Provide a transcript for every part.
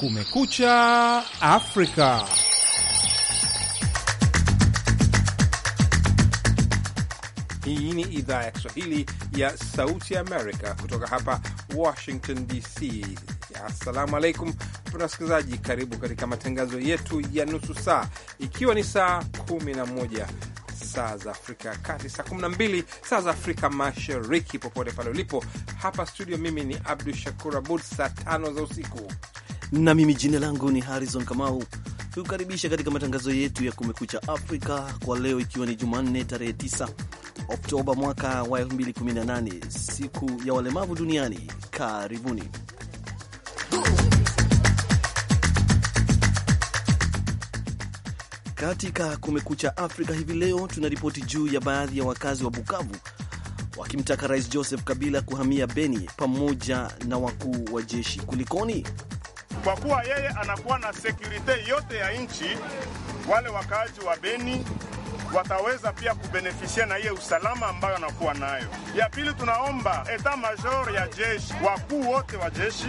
Kumekucha Afrika. Hii ni idhaa ya Kiswahili ya Sauti Amerika kutoka hapa Washington DC. Assalamu alaikum wapendwa wasikilizaji, karibu katika matangazo yetu ya nusu saa, ikiwa ni saa 11 saa za Afrika ya Kati, saa 12 saa za Afrika Mashariki, popote pale ulipo. Hapa studio, mimi ni Abdu Shakur Abud, saa tano za usiku na mimi jina langu ni Harrison Kamau, tukukaribisha katika matangazo yetu ya Kumekucha Afrika kwa leo, ikiwa ni Jumanne tarehe 9 Oktoba mwaka wa 2018 siku ya walemavu duniani. Karibuni. Katika Kumekucha Afrika hivi leo tuna ripoti juu ya baadhi ya wakazi wa Bukavu wakimtaka Rais Joseph Kabila kuhamia Beni pamoja na wakuu wa jeshi. Kulikoni? kwa kuwa yeye anakuwa na sekurite yote ya nchi. Wale wakaaji wa Beni wataweza pia kubenefisia na hiye usalama ambayo anakuwa nayo. Ya pili, tunaomba eta major ya jeshi, wakuu wote wa jeshi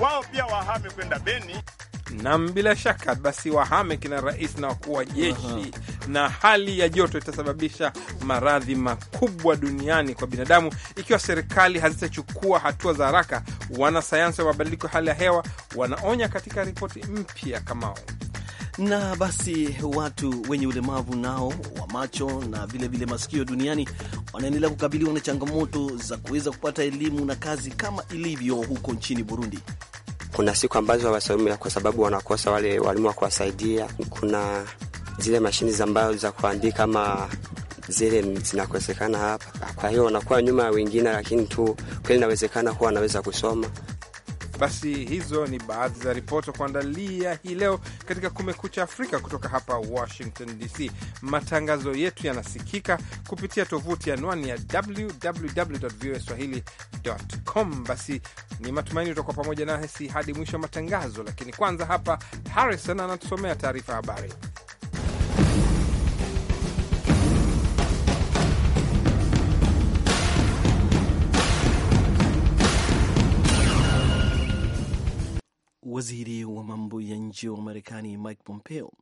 wao pia wahame kwenda Beni. Nam, bila shaka basi wahame kina rais na wakuu wa jeshi na hali ya joto itasababisha maradhi makubwa duniani kwa binadamu ikiwa serikali hazitachukua hatua za haraka. Wanasayansi wa mabadiliko ya hali ya hewa wanaonya katika ripoti mpya Kamao na basi watu wenye ulemavu nao wa macho na vilevile masikio duniani wanaendelea kukabiliwa na changamoto za kuweza kupata elimu na kazi kama ilivyo huko nchini Burundi. Kuna siku ambazo hawasomi kwa sababu wanakosa wale walimu wa kuwasaidia. Kuna zile mashini ambazo za kuandika ama zile zinakosekana hapa, kwa hiyo wanakuwa nyuma ya wengine, lakini tu kweli inawezekana kuwa wanaweza kusoma. Basi hizo ni baadhi za ripoti kuandalia hii leo katika Kumekucha Afrika kutoka hapa Washington DC. Matangazo yetu yanasikika kupitia tovuti anwani ya swahilicom. Basi ni matumaini utakuwa pamoja nasi hadi mwisho wa matangazo, lakini kwanza hapa Harrison anatusomea taarifa habari. Waziri wa mambo ya nje wa Marekani Mike Pompeo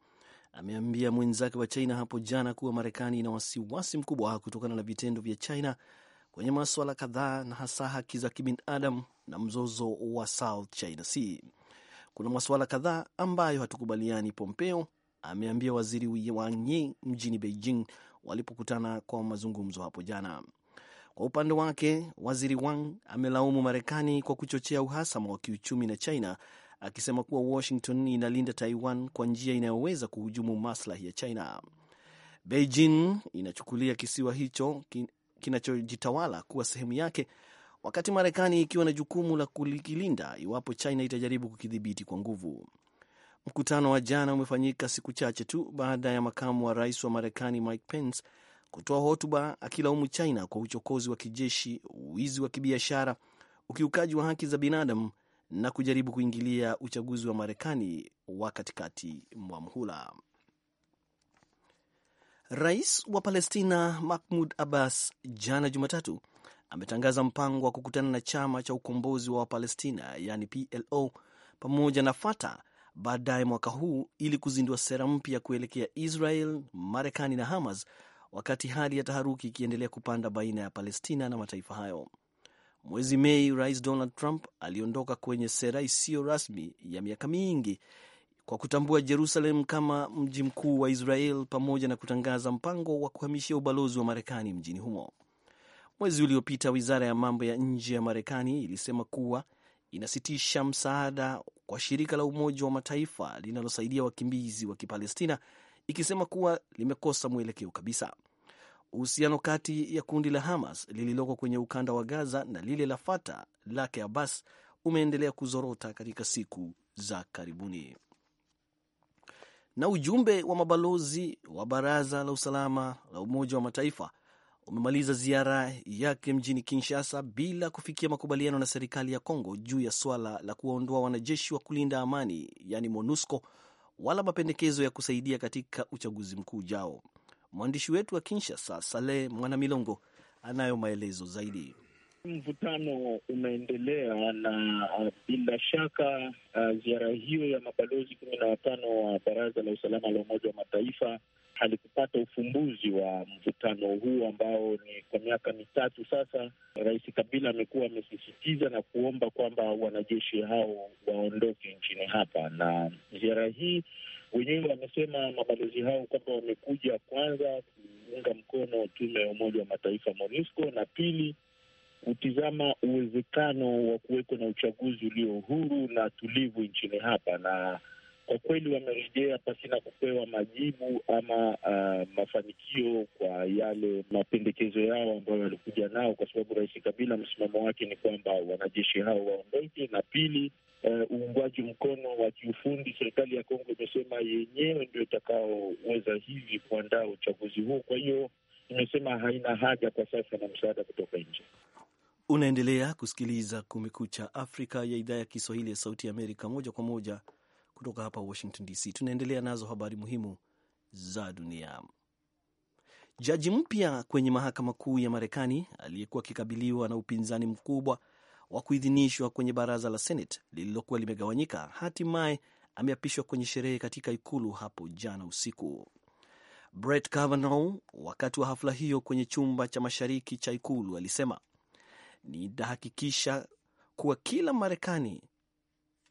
ameambia mwenzake wa China hapo jana kuwa Marekani ina wasiwasi mkubwa kutokana na vitendo vya China kwenye maswala kadhaa na hasa haki za kibinadamu na mzozo wa South China Sea. Kuna masuala kadhaa ambayo hatukubaliani, Pompeo ameambia waziri Wang Yi mjini Beijing walipokutana kwa mazungumzo hapo jana. Kwa upande wake, waziri Wang amelaumu Marekani kwa kuchochea uhasama wa kiuchumi na China akisema kuwa Washington inalinda Taiwan kwa njia inayoweza kuhujumu maslahi ya China. Beijing inachukulia kisiwa hicho kinachojitawala kuwa sehemu yake, wakati Marekani ikiwa na jukumu la kukilinda iwapo China itajaribu kukidhibiti kwa nguvu. Mkutano wa jana umefanyika siku chache tu baada ya makamu wa rais wa Marekani Mike Pence kutoa hotuba akilaumu China kwa uchokozi wa kijeshi, wizi wa kibiashara, ukiukaji wa haki za binadamu na kujaribu kuingilia uchaguzi wa Marekani wa katikati mwa mhula. Rais wa Palestina Mahmud Abbas jana Jumatatu ametangaza mpango wa kukutana na chama cha ukombozi wa Wapalestina yani PLO pamoja na Fatah baadaye mwaka huu ili kuzindua sera mpya kuelekea Israel, Marekani na Hamas, wakati hali ya taharuki ikiendelea kupanda baina ya Palestina na mataifa hayo. Mwezi Mei, Rais Donald Trump aliondoka kwenye sera isiyo rasmi ya miaka mingi kwa kutambua Jerusalem kama mji mkuu wa Israel pamoja na kutangaza mpango wa kuhamishia ubalozi wa Marekani mjini humo. Mwezi uliopita, wizara ya mambo ya nje ya Marekani ilisema kuwa inasitisha msaada kwa shirika la Umoja wa Mataifa linalosaidia wakimbizi wa Kipalestina, ikisema kuwa limekosa mwelekeo kabisa uhusiano kati ya kundi la Hamas lililoko kwenye ukanda wa Gaza na lile la fata lake Abbas umeendelea kuzorota katika siku za karibuni. Na ujumbe wa mabalozi wa Baraza la Usalama la Umoja wa Mataifa umemaliza ziara yake mjini Kinshasa bila kufikia makubaliano na serikali ya Kongo juu ya swala la kuwaondoa wanajeshi wa kulinda amani, yani MONUSCO, wala mapendekezo ya kusaidia katika uchaguzi mkuu ujao. Mwandishi wetu wa Kinshasa, Saleh Mwanamilongo, anayo maelezo zaidi. Mvutano umeendelea na uh, bila shaka uh, ziara hiyo ya mabalozi kumi na watano wa Baraza la Usalama la Umoja wa Mataifa halikupata ufumbuzi wa mvutano huu ambao ni kwa miaka mitatu sasa. Rais Kabila amekuwa amesisitiza na kuomba kwamba wanajeshi hao waondoke nchini hapa, na ziara hii Wenyewe wamesema mabalozi hao kwamba wamekuja kwanza kuunga mkono tume ya Umoja wa Mataifa MONUSCO na pili kutizama uwezekano wa kuweko na uchaguzi ulio huru na tulivu nchini hapa, na kwa kweli wamerejea pasina kupewa majibu ama uh, mafanikio kwa yale mapendekezo yao ambayo walikuja nao, kwa sababu Rais Kabila msimamo wake ni kwamba wanajeshi hao waondoke, na pili Uh, uungwaji uh, mkono wa kiufundi. Serikali ya Kongo imesema yenyewe ndio itakaoweza hivi kuandaa uchaguzi huo, kwa hiyo imesema haina haja kwa sasa na msaada kutoka nje. Unaendelea kusikiliza Kumekucha Afrika ya idhaa ya Kiswahili ya Sauti ya Amerika, moja kwa moja kutoka hapa Washington DC. Tunaendelea nazo habari muhimu za dunia. Jaji mpya kwenye mahakama kuu ya Marekani aliyekuwa akikabiliwa na upinzani mkubwa wa kuidhinishwa kwenye baraza la Senate lililokuwa limegawanyika, hatimaye ameapishwa kwenye sherehe katika ikulu hapo jana usiku. Brett Kavanaugh, wakati wa hafla hiyo kwenye chumba cha mashariki cha ikulu, alisema nitahakikisha kuwa kila Marekani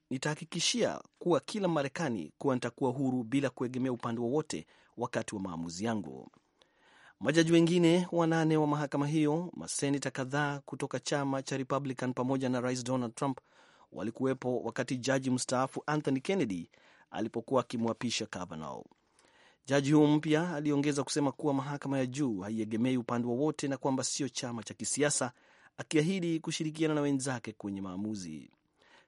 nitahakikishia kuwa kila Marekani kuwa nitakuwa huru bila kuegemea upande wowote wakati wa maamuzi yangu. Majaji wengine wanane wa mahakama hiyo, maseneta kadhaa kutoka chama cha Republican pamoja na Rais Donald Trump walikuwepo wakati jaji mstaafu Anthony Kennedy alipokuwa akimwapisha Kavanaugh. Jaji huyo mpya aliongeza kusema kuwa mahakama ya juu haiegemei upande wowote na kwamba sio chama cha kisiasa, akiahidi kushirikiana na wenzake kwenye maamuzi.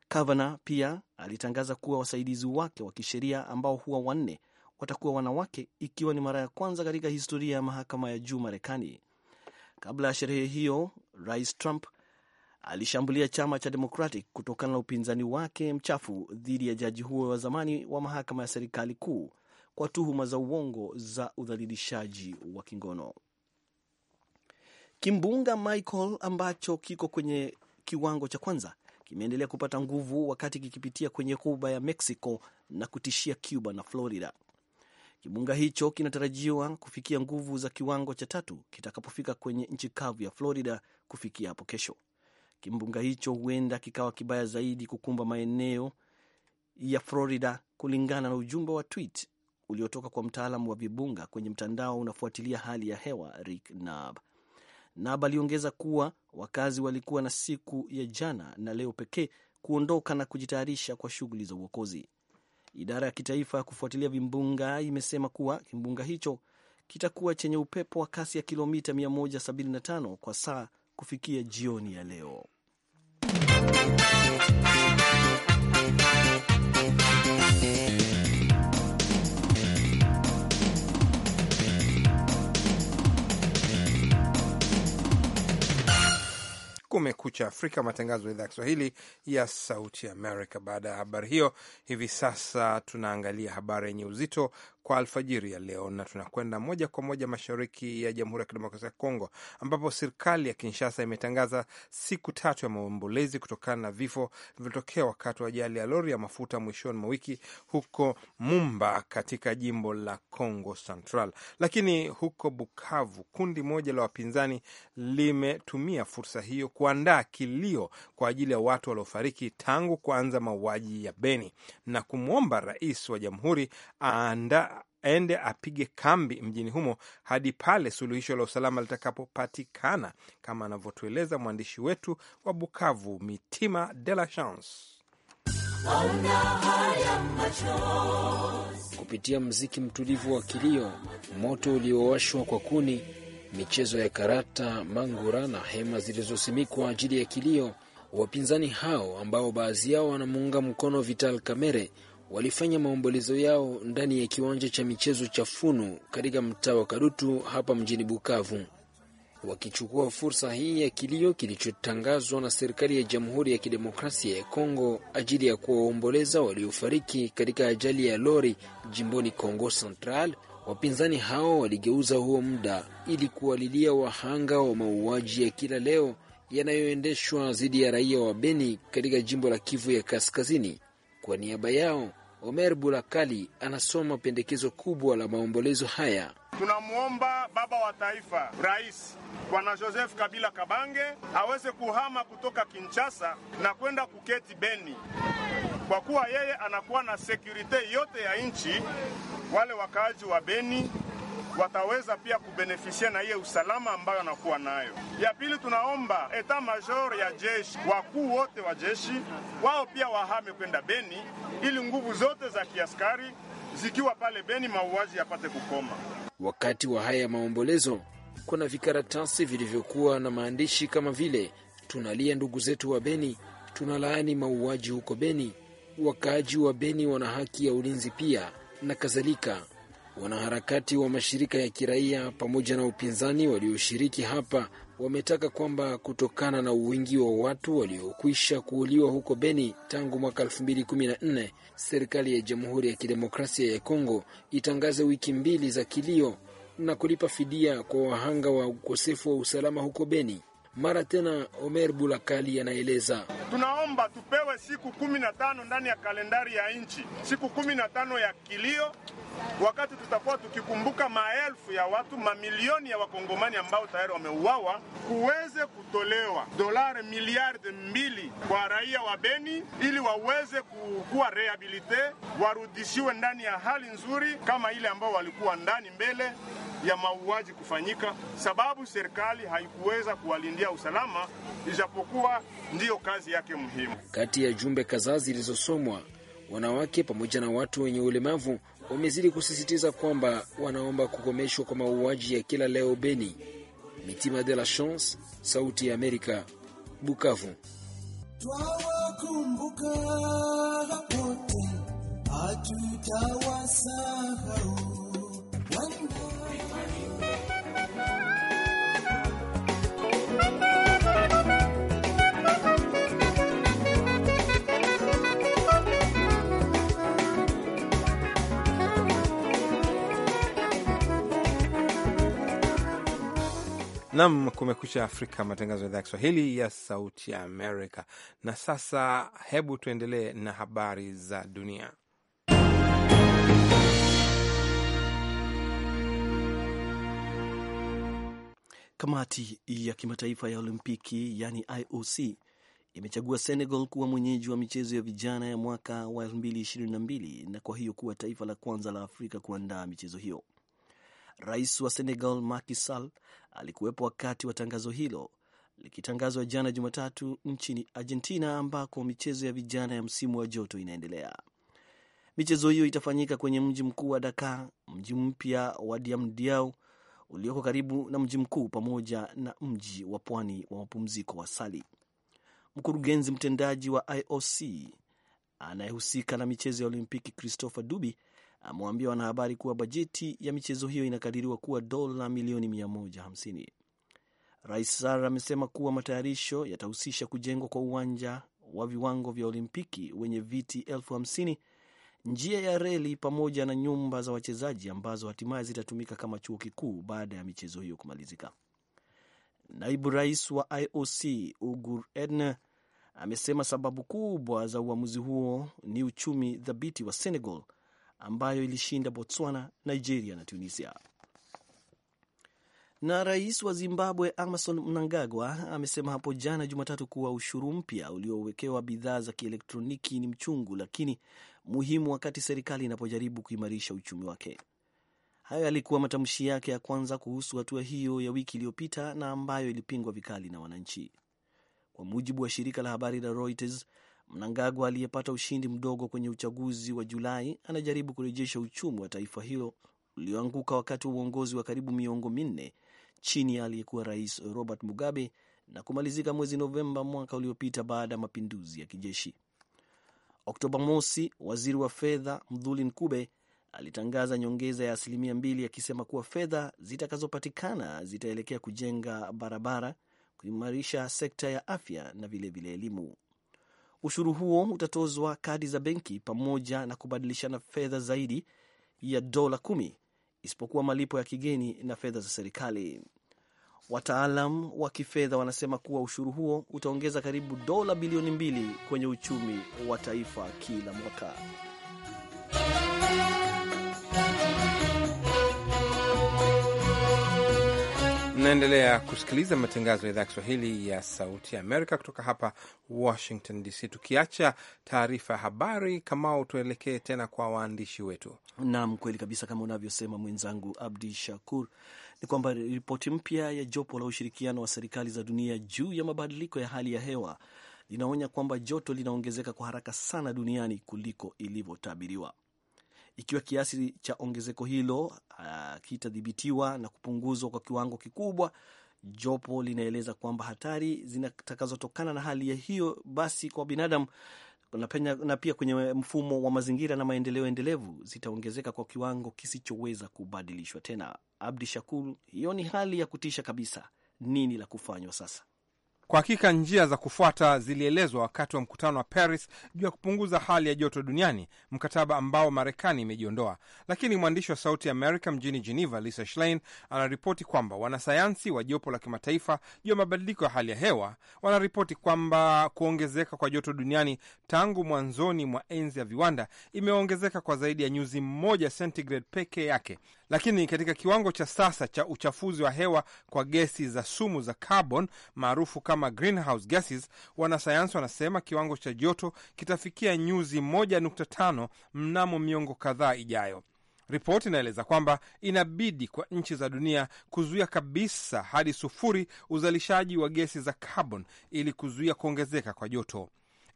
Kavanaugh pia alitangaza kuwa wasaidizi wake wa kisheria ambao huwa wanne watakuwa wanawake, ikiwa ni mara ya kwanza katika historia ya mahakama ya juu Marekani. Kabla ya sherehe hiyo, Rais Trump alishambulia chama cha Democratic kutokana na upinzani wake mchafu dhidi ya jaji huo wa zamani wa mahakama ya serikali kuu kwa tuhuma za uongo za udhalilishaji wa kingono. Kimbunga Michael ambacho kiko kwenye kiwango cha kwanza kimeendelea kupata nguvu wakati kikipitia kwenye kuba ya Mexico na kutishia Cuba na Florida. Kimbunga hicho kinatarajiwa kufikia nguvu za kiwango cha tatu kitakapofika kwenye nchi kavu ya Florida kufikia hapo kesho. Kimbunga hicho huenda kikawa kibaya zaidi kukumba maeneo ya Florida, kulingana na ujumbe wa tweet uliotoka kwa mtaalamu wa vibunga kwenye mtandao unafuatilia hali ya hewa Rick Nab. Nab aliongeza kuwa wakazi walikuwa na siku ya jana na leo pekee kuondoka na kujitayarisha kwa shughuli za uokozi. Idara ya kitaifa ya kufuatilia vimbunga imesema kuwa kimbunga hicho kitakuwa chenye upepo wa kasi ya kilomita 175 kwa saa kufikia jioni ya leo. Kumekucha Afrika, matangazo ya idhaa ya Kiswahili ya Sauti Amerika. Baada ya habari hiyo, hivi sasa tunaangalia habari yenye uzito kwa alfajiri ya leo, na tunakwenda moja kwa moja mashariki ya Jamhuri ya Kidemokrasia ya Kongo, ambapo serikali ya Kinshasa imetangaza siku tatu ya maombolezi kutokana na vifo vilivyotokea wakati wa ajali ya lori ya mafuta mwishoni mwa wiki huko Mumba katika jimbo la Congo Central. Lakini huko Bukavu, kundi moja la wapinzani limetumia fursa hiyo kuandaa kilio kwa ajili ya watu waliofariki tangu kuanza mauaji ya Beni na kumwomba rais wa jamhuri aanda aende apige kambi mjini humo hadi pale suluhisho la usalama litakapopatikana, kama anavyotueleza mwandishi wetu wa Bukavu, Mitima de la Chance. Kupitia mziki mtulivu wa kilio, moto uliowashwa kwa kuni, michezo ya karata, mangura na hema zilizosimikwa ajili ya kilio, wapinzani hao ambao baadhi yao wanamuunga mkono Vital Kamerhe walifanya maombolezo yao ndani ya kiwanja cha michezo cha Funu katika mtaa wa Kadutu hapa mjini Bukavu, wakichukua fursa hii ya kilio kilichotangazwa na serikali ya Jamhuri ya Kidemokrasia ya Kongo ajili ya kuwaomboleza waliofariki katika ajali ya lori jimboni Kongo Central. Wapinzani hao waligeuza huo muda ili kuwalilia wahanga wa mauaji ya kila leo yanayoendeshwa dhidi ya raia wa Beni katika jimbo la Kivu ya Kaskazini. Kwa niaba yao Omer Bulakali anasoma pendekezo kubwa la maombolezo haya. Tunamwomba baba wa taifa, rais Bwana Joseph Kabila Kabange aweze kuhama kutoka Kinshasa na kwenda kuketi Beni, kwa kuwa yeye anakuwa na sekurite yote ya nchi. Wale wakaaji wa Beni wataweza pia kubenefisia na iye usalama ambayo anakuwa nayo. Ya pili, tunaomba eta major ya jeshi, wakuu wote wa jeshi wao pia wahame kwenda Beni ili nguvu zote za kiaskari zikiwa pale Beni mauaji yapate kukoma. Wakati wa haya maombolezo, kuna vikaratasi vilivyokuwa na maandishi kama vile tunalia ndugu zetu wa Beni, tunalaani mauaji huko Beni, wakaaji wa Beni wana haki ya ulinzi pia na kadhalika. Wanaharakati wa mashirika ya kiraia pamoja na upinzani walioshiriki hapa wametaka kwamba kutokana na uwingi wa watu waliokwisha kuuliwa huko Beni tangu mwaka 2014 serikali ya Jamhuri ya Kidemokrasia ya Kongo itangaze wiki mbili za kilio na kulipa fidia kwa wahanga wa ukosefu wa usalama huko Beni. Mara tena Omer Bulakali anaeleza, tunaomba tupewe siku kumi na tano ndani ya kalendari ya nchi, siku kumi na tano ya kilio, wakati tutakuwa tukikumbuka maelfu ya watu, mamilioni ya wakongomani ambao tayari wameuawa, kuweze kutolewa dolari miliardi mbili kwa raia wa Beni ili waweze kukuwa rehabilite, warudishiwe ndani ya hali nzuri kama ile ambao walikuwa ndani mbele ya mauaji kufanyika, sababu serikali haikuweza kuwalindia kuhakikishia usalama, ijapokuwa ndiyo kazi yake muhimu. Kati ya jumbe kadhaa zilizosomwa, wanawake pamoja na watu wenye ulemavu wamezidi kusisitiza kwamba wanaomba kukomeshwa kwa mauaji ya kila leo Beni. Mitima de la Chance, Sauti ya Amerika, Bukavu. Twawakumbuka wote hatutawasahau. Nam kumekucha Afrika, matangazo ya idhaa ya Kiswahili ya Sauti ya Amerika. Na sasa hebu tuendelee na habari za dunia. Kamati ya kimataifa ya Olimpiki yani IOC imechagua Senegal kuwa mwenyeji wa michezo ya vijana ya mwaka wa 2022 na kwa hiyo kuwa taifa la kwanza la Afrika kuandaa michezo hiyo. Rais wa Senegal Macky Sall alikuwepo wakati wa tangazo hilo likitangazwa jana Jumatatu nchini Argentina, ambako michezo ya vijana ya msimu wa joto inaendelea. Michezo hiyo itafanyika kwenye mji mkuu wa Dakar, mji mpya wa diamdiau ulioko karibu na mji mkuu, pamoja na mji wa pwani wa mapumziko wa Sali. Mkurugenzi mtendaji wa IOC anayehusika na michezo ya Olimpiki Christopher Dubi amewaambia wanahabari kuwa bajeti ya michezo hiyo inakadiriwa kuwa dola milioni 150. Rais Sar amesema kuwa matayarisho yatahusisha kujengwa kwa uwanja wa viwango vya Olimpiki wenye viti elfu hamsini, njia ya reli pamoja na nyumba za wachezaji ambazo hatimaye zitatumika kama chuo kikuu baada ya michezo hiyo kumalizika. Naibu rais wa IOC Ugur Edne amesema sababu kubwa za uamuzi huo ni uchumi thabiti wa Senegal ambayo ilishinda Botswana, Nigeria na Tunisia. Na rais wa Zimbabwe Emmerson Mnangagwa amesema hapo jana Jumatatu kuwa ushuru mpya uliowekewa bidhaa za kielektroniki ni mchungu lakini muhimu, wakati serikali inapojaribu kuimarisha uchumi wake. Hayo yalikuwa matamshi yake ya kwanza kuhusu hatua hiyo ya wiki iliyopita na ambayo ilipingwa vikali na wananchi. Kwa mujibu wa shirika la habari la Reuters, Mnangagwa aliyepata ushindi mdogo kwenye uchaguzi wa Julai anajaribu kurejesha uchumi wa taifa hilo ulioanguka wakati wa uongozi wa karibu miongo minne chini ya aliyekuwa rais Robert Mugabe na kumalizika mwezi Novemba mwaka uliopita baada ya mapinduzi ya kijeshi. Oktoba mosi, waziri wa fedha Mdhuli Nkube alitangaza nyongeza ya asilimia mbili akisema kuwa fedha zitakazopatikana zitaelekea kujenga barabara, kuimarisha sekta ya afya na vilevile elimu. Ushuru huo utatozwa kadi za benki pamoja na kubadilishana fedha zaidi ya dola kumi, isipokuwa malipo ya kigeni na fedha za serikali. Wataalam wa kifedha wanasema kuwa ushuru huo utaongeza karibu dola bilioni mbili kwenye uchumi wa taifa kila mwaka. Unaendelea kusikiliza matangazo ya idhaa ya Kiswahili ya Sauti ya Amerika kutoka hapa Washington DC. Tukiacha taarifa ya habari, Kamau, tuelekee tena kwa waandishi wetu. Naam, kweli kabisa, kama unavyosema mwenzangu Abdi Shakur, ni kwamba ripoti mpya ya jopo la ushirikiano wa serikali za dunia juu ya mabadiliko ya hali ya hewa linaonya kwamba joto linaongezeka kwa haraka sana duniani kuliko ilivyotabiriwa ikiwa kiasi cha ongezeko hilo uh, kitadhibitiwa na kupunguzwa kwa kiwango kikubwa. Jopo linaeleza kwamba hatari zitakazotokana na hali ya hiyo basi kwa binadamu na pia kwenye mfumo wa mazingira na maendeleo endelevu zitaongezeka kwa kiwango kisichoweza kubadilishwa tena. Abdi Shakur, hiyo ni hali ya kutisha kabisa. Nini la kufanywa sasa? Kwa hakika njia za kufuata zilielezwa wakati wa mkutano wa Paris juu ya kupunguza hali ya joto duniani, mkataba ambao Marekani imejiondoa. Lakini mwandishi wa Sauti ya Amerika mjini Geneva, Lisa Schlein, anaripoti kwamba wanasayansi wa jopo la kimataifa juu ya mabadiliko ya hali ya hewa wanaripoti kwamba kuongezeka kwa joto duniani tangu mwanzoni mwa enzi ya viwanda imeongezeka kwa zaidi ya nyuzi mmoja sentigrade peke yake lakini katika kiwango cha sasa cha uchafuzi wa hewa kwa gesi za sumu za carbon maarufu kama greenhouse gases, wanasayansi wanasema kiwango cha joto kitafikia nyuzi 1.5 mnamo miongo kadhaa ijayo. Ripoti inaeleza kwamba inabidi kwa nchi za dunia kuzuia kabisa hadi sufuri uzalishaji wa gesi za carbon ili kuzuia kuongezeka kwa joto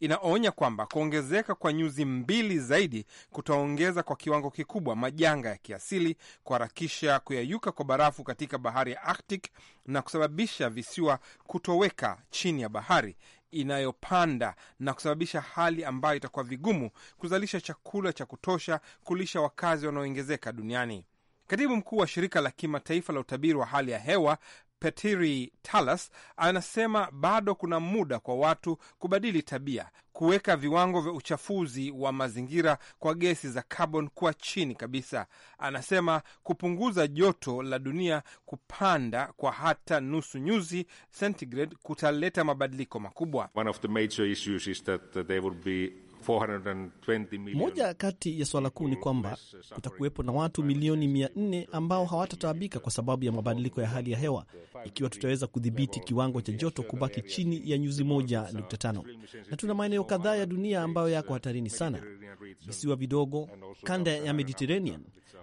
inaonya kwamba kuongezeka kwa nyuzi mbili zaidi kutaongeza kwa kiwango kikubwa majanga ya kiasili, kuharakisha kuyayuka kwa barafu katika bahari ya Arctic na kusababisha visiwa kutoweka chini ya bahari inayopanda na kusababisha hali ambayo itakuwa vigumu kuzalisha chakula cha kutosha kulisha wakazi wanaoongezeka duniani. Katibu mkuu wa shirika la kimataifa la utabiri wa hali ya hewa Petiri Talas anasema bado kuna muda kwa watu kubadili tabia, kuweka viwango vya uchafuzi wa mazingira kwa gesi za carbon kuwa chini kabisa. Anasema kupunguza joto la dunia kupanda kwa hata nusu nyuzi sentigrade kutaleta mabadiliko makubwa. One of the major issues is that be moja kati ya swala kuu ni kwamba kutakuwepo na watu milioni mia nne ambao hawatataabika kwa sababu ya mabadiliko ya hali ya hewa ikiwa tutaweza kudhibiti kiwango cha joto kubaki chini ya nyuzi moja nukta tano. Na tuna maeneo kadhaa ya dunia ambayo yako hatarini sana, visiwa vidogo, kanda ya Mediterranean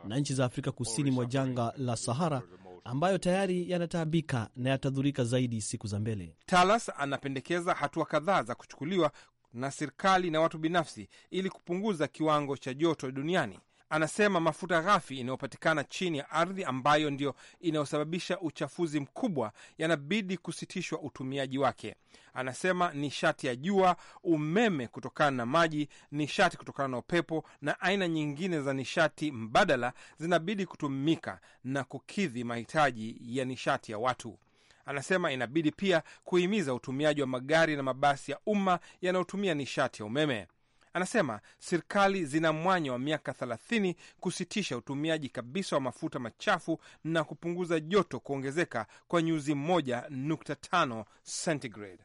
na nchi za Afrika kusini mwa janga la Sahara ambayo tayari yanataabika na yatadhurika zaidi siku za mbele. Talas anapendekeza hatua kadhaa za kuchukuliwa na serikali na watu binafsi ili kupunguza kiwango cha joto duniani. Anasema mafuta ghafi inayopatikana chini ya ardhi ambayo ndiyo inayosababisha uchafuzi mkubwa yanabidi kusitishwa utumiaji wake. Anasema nishati ya jua, umeme kutokana na maji, nishati kutokana na upepo na aina nyingine za nishati mbadala zinabidi kutumika na kukidhi mahitaji ya nishati ya watu. Anasema inabidi pia kuhimiza utumiaji wa magari na mabasi ya umma yanayotumia nishati ya umeme. Anasema serikali zina mwanya wa miaka 30 kusitisha utumiaji kabisa wa mafuta machafu na kupunguza joto kuongezeka kwa nyuzi 1.5 centigrade.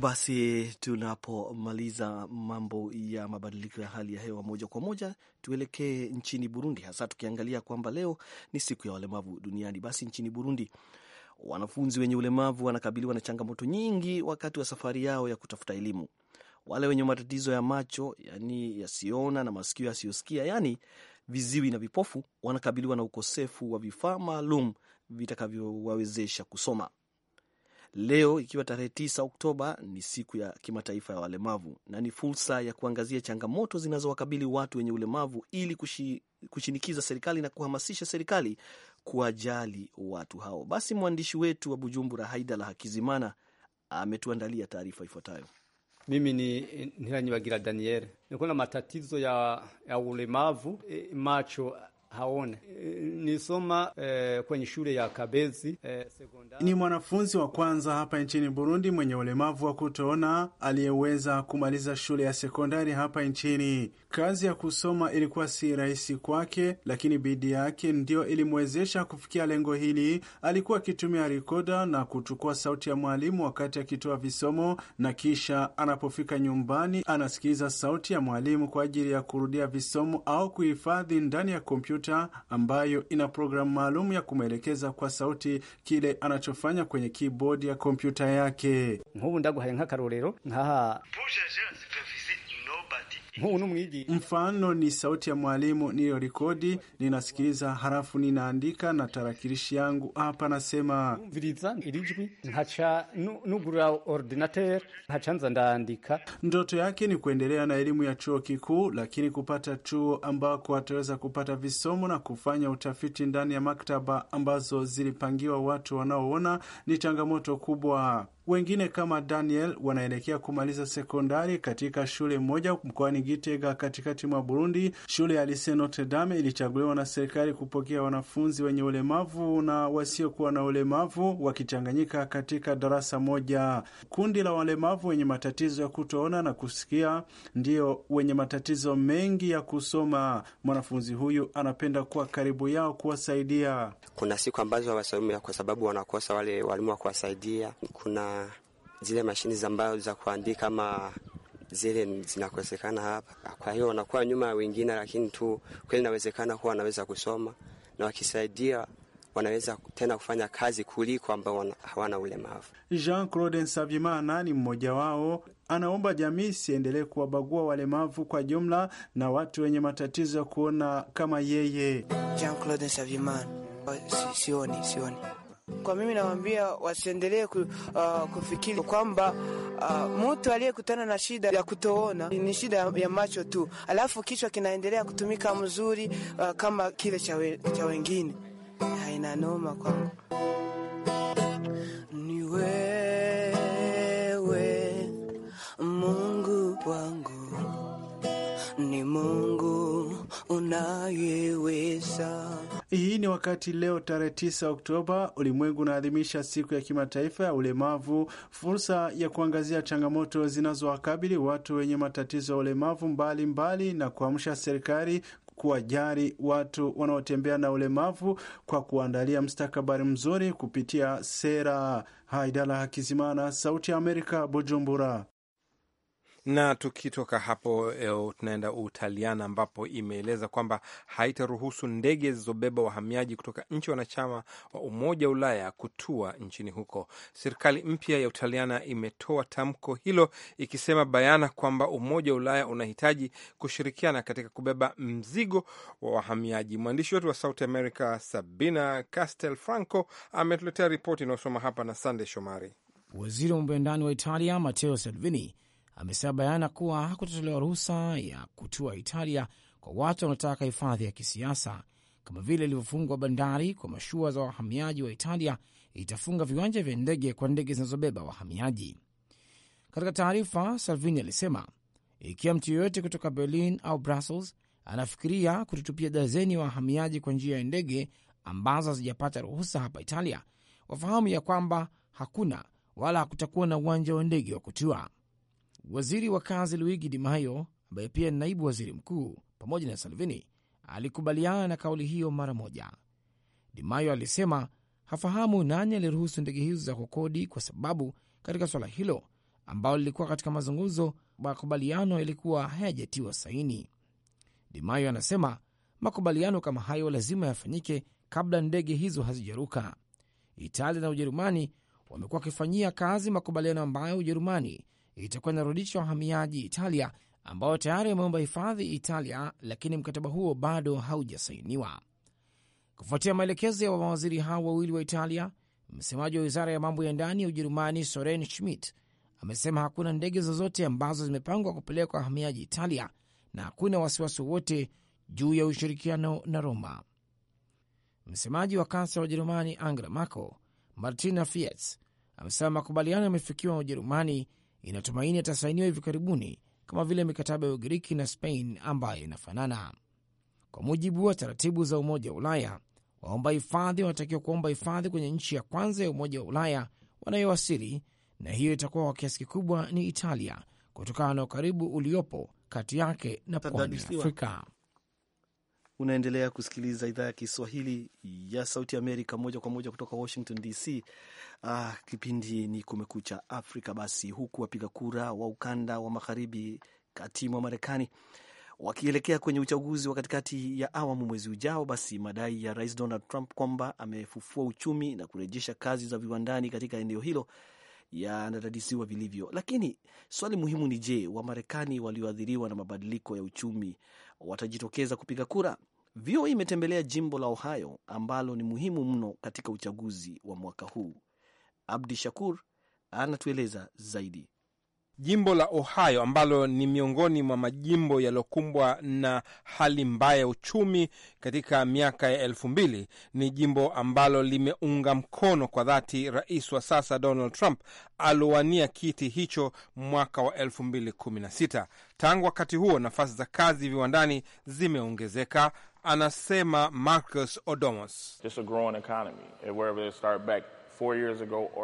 Basi tunapomaliza mambo ya mabadiliko ya hali ya hewa moja kwa moja, tuelekee nchini Burundi, hasa tukiangalia kwamba leo ni siku ya walemavu duniani. Basi nchini Burundi, wanafunzi wenye ulemavu wanakabiliwa na changamoto nyingi wakati wa safari yao ya kutafuta elimu. Wale wenye matatizo ya macho, yani yasiyoona, na masikio yasiyosikia, yani viziwi na vipofu, wanakabiliwa na ukosefu wa vifaa maalum vitakavyowawezesha kusoma. Leo ikiwa tarehe 9 Oktoba ni siku ya kimataifa ya walemavu na ni fursa ya kuangazia changamoto zinazowakabili watu wenye ulemavu ili kushi, kushinikiza serikali na kuhamasisha serikali kuwajali watu hao. Basi mwandishi wetu wa Bujumbura haida la Hakizimana ametuandalia taarifa ifuatayo. Mimi ni Niranyibagira Daniel, niko na matatizo ya, ya ulemavu e, macho haone. Eh, Nisoma eh, kwenye shule ya Kabezi eh, sekondari. Ni mwanafunzi wa kwanza hapa nchini Burundi mwenye ulemavu wa kutoona aliyeweza kumaliza shule ya sekondari hapa nchini. Kazi ya kusoma ilikuwa si rahisi kwake, lakini bidii yake ndiyo ilimwezesha kufikia lengo hili. Alikuwa akitumia rikoda na kuchukua sauti ya mwalimu wakati akitoa visomo, na kisha anapofika nyumbani anasikiliza sauti ya mwalimu kwa ajili ya kurudia visomo au kuhifadhi ndani ya kompyuta kompyuta ambayo ina programu maalum ya kumwelekeza kwa sauti kile anachofanya kwenye keyboard ya kompyuta yake. nkubu ndaguhaye nk'akarorero nkaha Mfano ni sauti ya mwalimu niliyorekodi, ninasikiliza harafu ninaandika na tarakilishi yangu hapa, nasema ndoto yake ni kuendelea na elimu ya chuo kikuu, lakini kupata chuo ambako ataweza kupata visomo na kufanya utafiti ndani ya maktaba ambazo zilipangiwa watu wanaoona ni changamoto kubwa. Wengine kama Daniel wanaelekea kumaliza sekondari katika shule moja mkoani Gitega katikati mwa Burundi. Shule ya lise Notre Dame ilichaguliwa na serikali kupokea wanafunzi wenye ulemavu na wasiokuwa na ulemavu wakichanganyika katika darasa moja. Kundi la walemavu wenye matatizo ya kutoona na kusikia ndio wenye matatizo mengi ya kusoma. Mwanafunzi huyu anapenda kuwa karibu yao, kuwasaidia. Kuna siku ambazo hawasomi kwa sababu wanakosa wale walimu wa kuwasaidia. Kuna zile mashini ambayo za kuandika ama zile zinakosekana hapa, kwa hiyo wanakuwa nyuma ya wengine, lakini tu kweli inawezekana kuwa wanaweza kusoma na wakisaidia wanaweza tena kufanya kazi kuliko ambao hawana ulemavu. Jean Claude savimana ni mmoja wao, anaomba jamii siendelee kuwabagua walemavu kwa jumla na watu wenye matatizo ya kuona kama yeye. Jean Claude Nsavyimana: sioni, sioni kwa mimi nawaambia wasiendelee ku, uh, kufikiri kwamba uh, mtu aliyekutana na shida ya kutoona ni shida ya macho tu, alafu kichwa kinaendelea kutumika mzuri uh, kama kile cha cha wengine. Haina noma kwangu. Ni wewe Mungu wangu, ni Mungu unayeweza hii ni wakati leo tarehe 9 Oktoba ulimwengu unaadhimisha siku ya kimataifa ya ulemavu, fursa ya kuangazia changamoto zinazowakabili watu wenye matatizo ya ulemavu mbalimbali mbali, na kuamsha serikali kuwajali watu wanaotembea na ulemavu kwa kuandalia mstakabari mzuri kupitia sera. Haidala Hakizimana, Sauti ya Amerika, Bujumbura. Na tukitoka hapo eh, tunaenda Utaliana ambapo imeeleza kwamba haitaruhusu ndege zilizobeba wahamiaji kutoka nchi wanachama wa Umoja wa Ulaya kutua nchini huko. Serikali mpya ya Utaliana imetoa tamko hilo ikisema bayana kwamba Umoja wa Ulaya unahitaji kushirikiana katika kubeba mzigo wa wahamiaji. Mwandishi wetu wa South America Sabina Castel Franco ametuletea ripoti inayosoma hapa na Sande Shomari. Waziri wa mambo ya ndani wa Italia Matteo Salvini amesema bayana kuwa hakutotolewa ruhusa ya kutua Italia kwa watu wanaotaka hifadhi ya kisiasa, kama vile ilivyofungwa bandari kwa mashua za wahamiaji wa Italia, itafunga viwanja vya ndege kwa ndege zinazobeba wahamiaji. Katika taarifa, Salvini alisema ikiwa mtu yoyote kutoka Berlin au Brussels anafikiria kututupia dazeni ya wahamiaji kwa njia ya ndege ambazo hazijapata ruhusa hapa Italia, wafahamu ya kwamba hakuna wala hakutakuwa na uwanja wa ndege wa kutua. Waziri wa kazi Luigi Di Maio, ambaye pia ni naibu waziri mkuu, pamoja na Salvini, alikubaliana na kauli hiyo mara moja. Di Maio alisema hafahamu nani aliruhusu ndege hizo za kukodi, kwa sababu katika swala hilo ambalo lilikuwa katika mazungumzo, makubaliano yalikuwa hayajatiwa saini. Di Maio anasema makubaliano kama hayo lazima yafanyike kabla ndege hizo hazijaruka. Italia na Ujerumani wamekuwa wakifanyia kazi makubaliano ambayo Ujerumani itakuwa inarudisha wahamiaji Italia ambao tayari wameomba hifadhi Italia, lakini mkataba huo bado haujasainiwa. Kufuatia maelekezo ya mawaziri hao wawili wa Italia, msemaji wa wizara ya mambo ya ndani ya Ujerumani Soren Schmidt amesema hakuna ndege zozote ambazo zimepangwa kupelekwa wahamiaji Italia na hakuna wasiwasi wowote juu ya ushirikiano na Roma. Msemaji wa kansela wa Ujerumani Angela Merkel Martina Fietz amesema makubaliano yamefikiwa na Ujerumani inatumaini yatasainiwa hivi karibuni kama vile mikataba ya Ugiriki na Spain ambayo inafanana. Kwa mujibu wa taratibu za Umoja wa Ulaya, waomba hifadhi wanatakiwa kuomba hifadhi kwenye nchi ya kwanza ya Umoja wa Ulaya wanayowasili, na hiyo itakuwa kwa kiasi kikubwa ni Italia kutokana na ukaribu uliopo kati yake na pwani ya Afrika. Unaendelea kusikiliza idhaa ya Kiswahili ya Sauti Amerika moja kwa moja kutoka Washington DC. Ah, kipindi ni Kumekucha Afrika. Basi, huku wapiga kura wa ukanda wa magharibi kati mwa Marekani wakielekea kwenye uchaguzi wa katikati ya awamu mwezi ujao, basi madai ya Rais Donald Trump kwamba amefufua uchumi na kurejesha kazi za viwandani katika eneo hilo yanadadisiwa vilivyo. Lakini swali muhimu ni je, Wamarekani walioathiriwa na mabadiliko ya uchumi watajitokeza kupiga kura? VOA imetembelea jimbo la Ohio ambalo ni muhimu mno katika uchaguzi wa mwaka huu. Abdi Shakur anatueleza zaidi. Jimbo la Ohio ambalo ni miongoni mwa majimbo yaliyokumbwa na hali mbaya ya uchumi katika miaka ya elfu mbili ni jimbo ambalo limeunga mkono kwa dhati rais wa sasa Donald Trump aliowania kiti hicho mwaka wa elfu mbili kumi na sita. Tangu wakati huo nafasi za kazi viwandani zimeongezeka, anasema Marcus Odomos.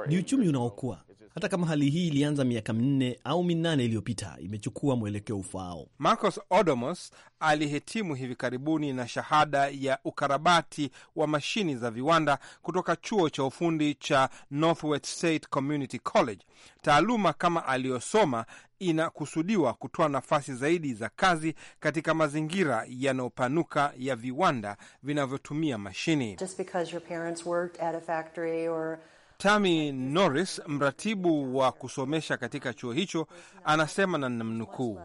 Ni uchumi unaokua hata kama hali hii ilianza miaka minne au minane iliyopita, imechukua mwelekeo ufaao. Marcos Odomos alihitimu hivi karibuni na shahada ya ukarabati wa mashini za viwanda kutoka chuo cha ufundi cha Northwest State Community College. Taaluma kama aliyosoma inakusudiwa kutoa nafasi zaidi za kazi katika mazingira yanayopanuka ya viwanda vinavyotumia mashini. Tami Norris, mratibu wa kusomesha katika chuo hicho, anasema na namnukuu,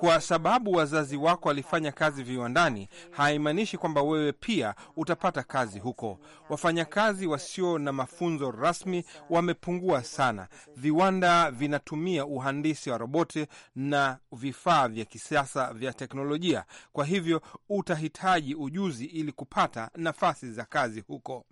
kwa sababu wazazi wako walifanya kazi viwandani, haimaanishi kwamba wewe pia utapata kazi huko. Wafanyakazi wasio na mafunzo rasmi wamepungua sana. Viwanda vinatumia uhandisi wa roboti na vifaa vya kisasa vya teknolojia, kwa hivyo utahitaji ujuzi ili kupata nafasi za kazi huko.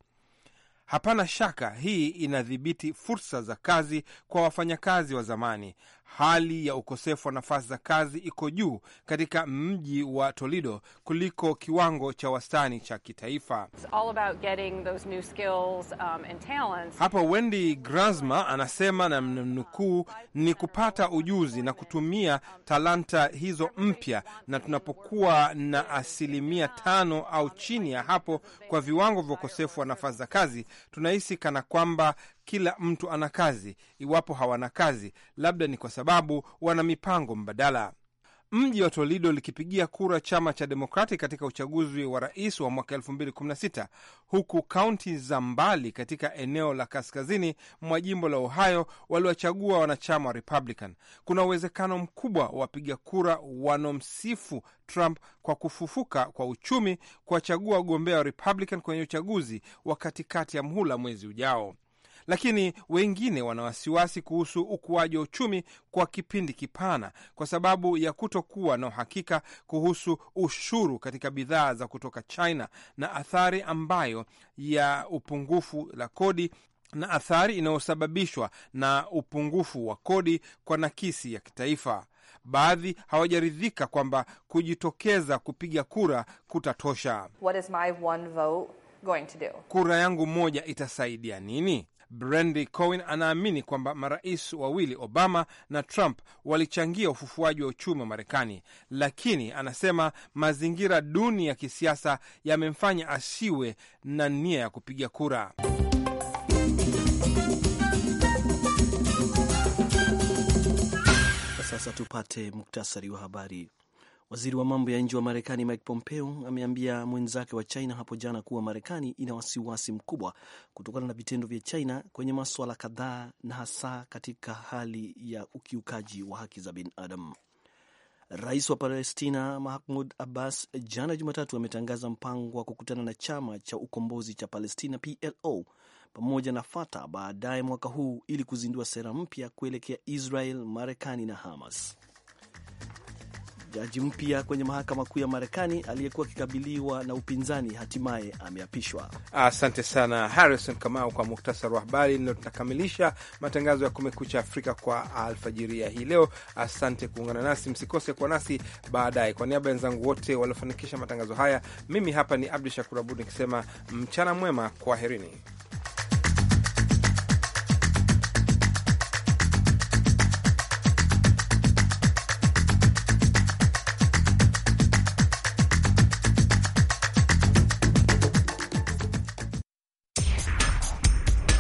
Hapana shaka hii inadhibiti fursa za kazi kwa wafanyakazi wa zamani hali ya ukosefu wa nafasi za kazi iko juu katika mji wa Toledo kuliko kiwango cha wastani cha kitaifa. Um, hapa Wendy Grasma anasema na mnukuu, ni kupata ujuzi na kutumia talanta hizo mpya, na tunapokuwa na asilimia tano au chini ya hapo kwa viwango vya ukosefu wa nafasi za kazi, tunahisi kana kwamba kila mtu ana kazi, iwapo hawana kazi, labda ni kwa sababu wana mipango mbadala. Mji wa Toledo likipigia kura chama cha Demokrati katika uchaguzi wa rais wa mwaka 2016 huku kaunti za mbali katika eneo la kaskazini mwa jimbo la Ohio waliwachagua wanachama wa Republican. Kuna uwezekano mkubwa wa wapiga kura wanaomsifu Trump kwa kufufuka kwa uchumi kuwachagua wagombea wa Republican kwenye uchaguzi wa katikati ya mhula mwezi ujao lakini wengine wana wasiwasi kuhusu ukuaji wa uchumi kwa kipindi kipana kwa sababu ya kutokuwa na uhakika kuhusu ushuru katika bidhaa za kutoka China na athari ambayo ya upungufu la kodi na athari inayosababishwa na upungufu wa kodi kwa nakisi ya kitaifa. Baadhi hawajaridhika kwamba kujitokeza kupiga kura kutatosha. What is my one vote going to do? Kura yangu moja itasaidia nini? Brandy Cowen anaamini kwamba marais wawili Obama na Trump walichangia ufufuaji wa uchumi wa Marekani, lakini anasema mazingira duni ya kisiasa yamemfanya asiwe na nia ya kupiga kura. Sasa tupate muktasari wa habari. Waziri wa mambo ya nje wa Marekani Mike Pompeo ameambia mwenzake wa China hapo jana kuwa Marekani ina wasiwasi mkubwa kutokana na vitendo vya China kwenye maswala kadhaa na hasa katika hali ya ukiukaji wa haki za binadamu. Rais wa Palestina Mahmud Abbas jana Jumatatu ametangaza mpango wa kukutana na chama cha ukombozi cha Palestina PLO pamoja na Fatah baadaye mwaka huu ili kuzindua sera mpya kuelekea Israel, Marekani na Hamas. Jaji mpya kwenye mahakama kuu ya Marekani aliyekuwa akikabiliwa na upinzani hatimaye ameapishwa. Asante sana Harrison Kamau kwa muktasari wa habari. Ndio tunakamilisha matangazo ya Kumekucha Afrika kwa alfajiri ya hii leo. Asante kuungana nasi, msikose kuwa nasi baadaye. Kwa niaba ya wenzangu wote waliofanikisha matangazo haya, mimi hapa ni Abdu Shakur Abud nikisema mchana mwema, kwaherini.